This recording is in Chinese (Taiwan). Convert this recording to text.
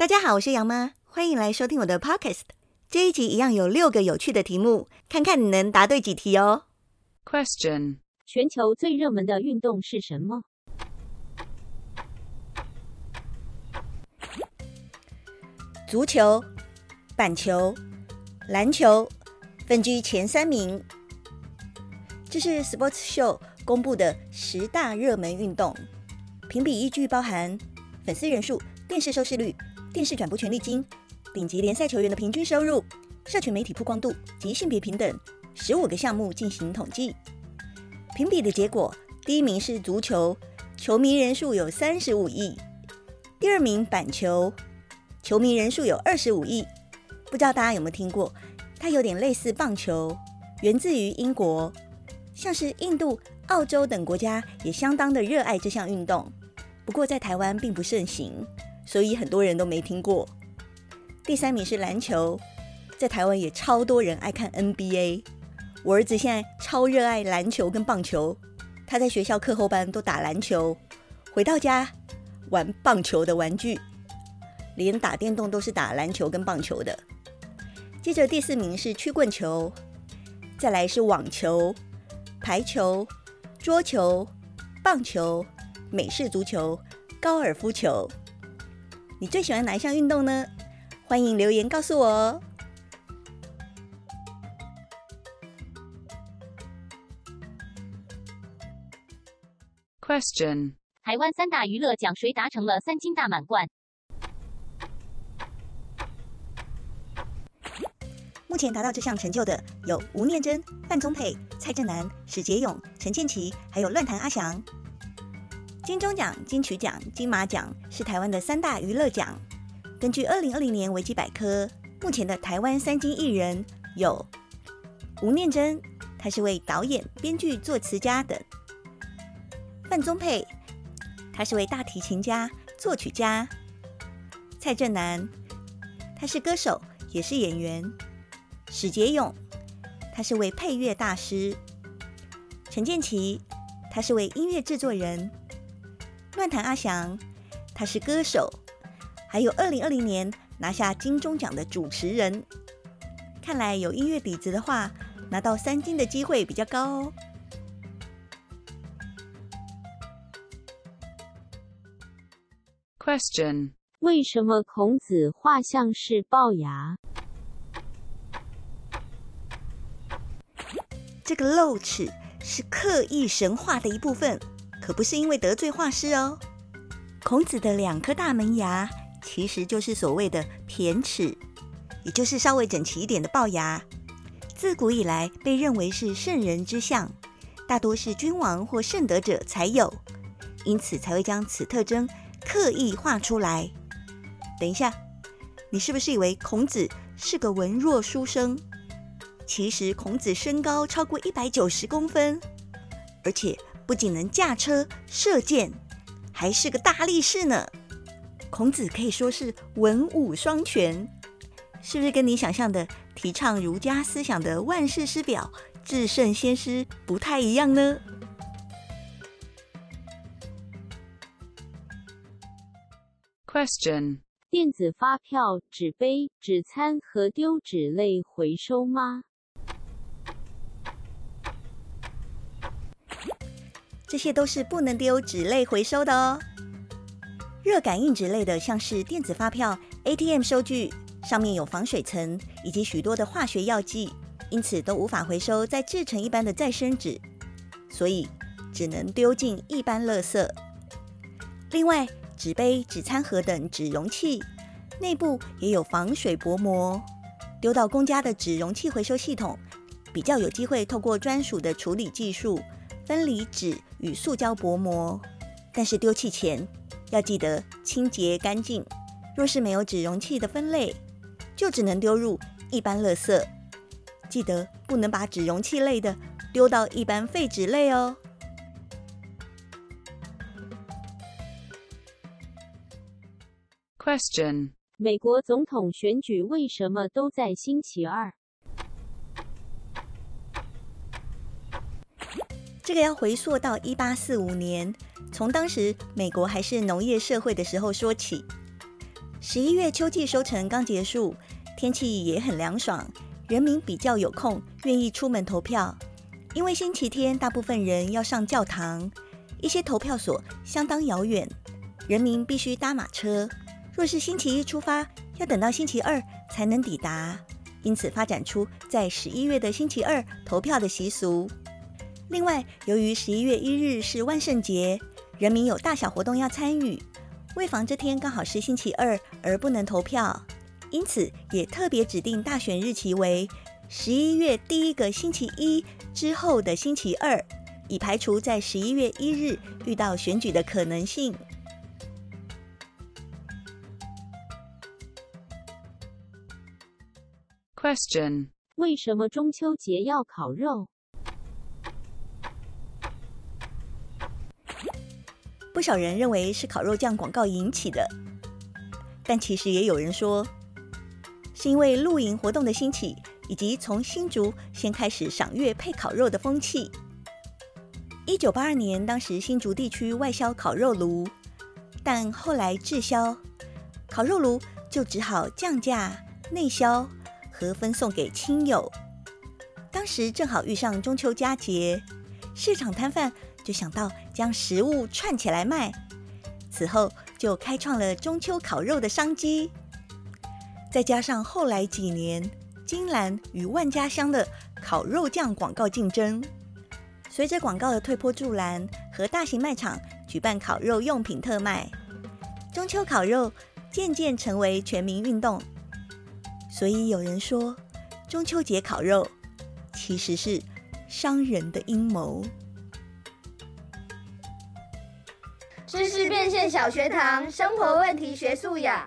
大家好，我是洋媽，歡迎來收聽我的 Podcast。這一集一樣有六個有趣的題目，看看你能答對幾題哦。Question：全球最熱門的運動是什麼？足球、板球、籃球分居前三名。這是 Sports Show 公布的十大熱門運動，評比依據包含粉絲人數、電視收視率。電視轉播權利金、頂級聯賽球員的平均收入、社群媒體曝光度及性別平等，十五個項目進行統計。評比的結果，第一名是足球，球迷人數有三十五億；第二名板球，球迷人數有二十五億。不知道大家有沒有聽過？它有點類似棒球，源自於英國，像是印度、澳洲等國家也相當的熱愛這項運動，不過在台灣並不盛行。所以很多人都沒聽過。第三名是籃球，在台灣也超多人愛看 NBA。我兒子現在超熱愛籃球跟棒球，他在學校課後班都打籃球，回到家玩棒球的玩具，連打電動都是打籃球跟棒球的。接着第四名是曲棍球，再來是網球、排球、桌球、棒球、美式足球、高爾夫球。你最喜歡哪一項運動呢？歡迎留言告訴我哦。Question：台灣三大娛樂獎誰達成了三金大滿貫？目前達到這項成就的有吳念真、范宗沛、蔡振南、史擷詠、陳建騏，還有亂彈阿翔。金鐘獎、金曲獎、金馬獎是台灣的三大娛樂獎。根據二零二零年維基百科，目前的台灣三金藝人有吳念真，他是位導演、編劇、作詞家等；范宗沛，他是位大提琴家、作曲家；蔡振南，他是歌手也是演員；史杰勇，他是位配樂大師；陳建奇，他是位音樂製作人。亂彈阿翔，他是歌手，還有二零二零年拿下金鐘獎的主持人。看來有音樂底子的話，拿到三金的機會比較高哦。Question：為什麼孔子畫像是暴牙？這個露齒是刻意神化的一部分。可不是因為得罪畫師哦。孔子的兩顆大門牙其實就是所謂的駢齒，也就是稍微整齊一點的齙牙。自古以來被認為是聖人之相，大多是君王或聖德者才有，因此才會將此特徵刻意畫出來。等一下，你是不是以為孔子是個文弱書生？其實孔子身高超過一百九十公分，而且。不僅能駕車射箭，還是個大力士呢。孔子可以說是文武雙全，是不是跟你想象的提倡儒家思想的萬世師表、至聖先師不太一樣呢？Question：電子發票、紙杯、紙餐盒丟紙類回收嗎？這些都是不能丟紙類回收的哦。熱感應紙類的，像是電子發票、ATM 收據，上面有防水層以及許多的化學藥劑，因此都無法回收再製成一般的再生紙，所以只能丟進一般垃圾。另外，紙杯、紙餐盒等紙容器，內部也有防水薄膜，丟到公家的紙容器回收系統，比較有機會透過專屬的處理技術。分離紙與塑膠薄膜，但是丟棄前要記得清潔乾淨。若是沒有紙容器的分類，就只能丟入一般垃圾。記得不能把紙容器類的丟到一般廢紙類哦。Question：美國總統選舉為什麼都在星期二？這個要回溯到一八四五年，從當時美國還是農業社會的時候說起。十一月秋季收成剛結束，天氣也很涼爽，人民比較有空，願意出門投票。因為星期天大部分人要上教堂，一些投票所相當遙遠，人民必須搭馬車。若是星期一出發，要等到星期二才能抵達，因此發展出在十一月的星期二投票的習俗。另外，由於十一月一日是萬聖節，人民有大小活動要參與，為防這天剛好是星期二而不能投票，因此也特別指定大選日期為十一月第一個星期一之後的星期二，以排除在十一月一日遇到選舉的可能性。Question：為什麼中秋節要烤肉？不少人認為是烤肉醬廣告引起的，但其實也有人說，是因為露營活動的興起，以及從新竹先開始賞月配烤肉的風氣。一九八二年，當時新竹地區外銷烤肉爐，但後來滯銷，烤肉爐就只好降價內銷和分送給親友。當時正好遇上中秋佳節。市場攤販就想到將食物串起來賣，此後就開創了中秋烤肉的商機。再加上後來幾年，金蘭與萬家香的烤肉醬廣告競爭，隨着廣告的推波助瀾和大型賣場舉辦烤肉用品特賣，中秋烤肉漸漸成為全民運動。所以有人說，中秋節烤肉其實是。商人的陰謀。知識變現小學堂，生活問題學素養。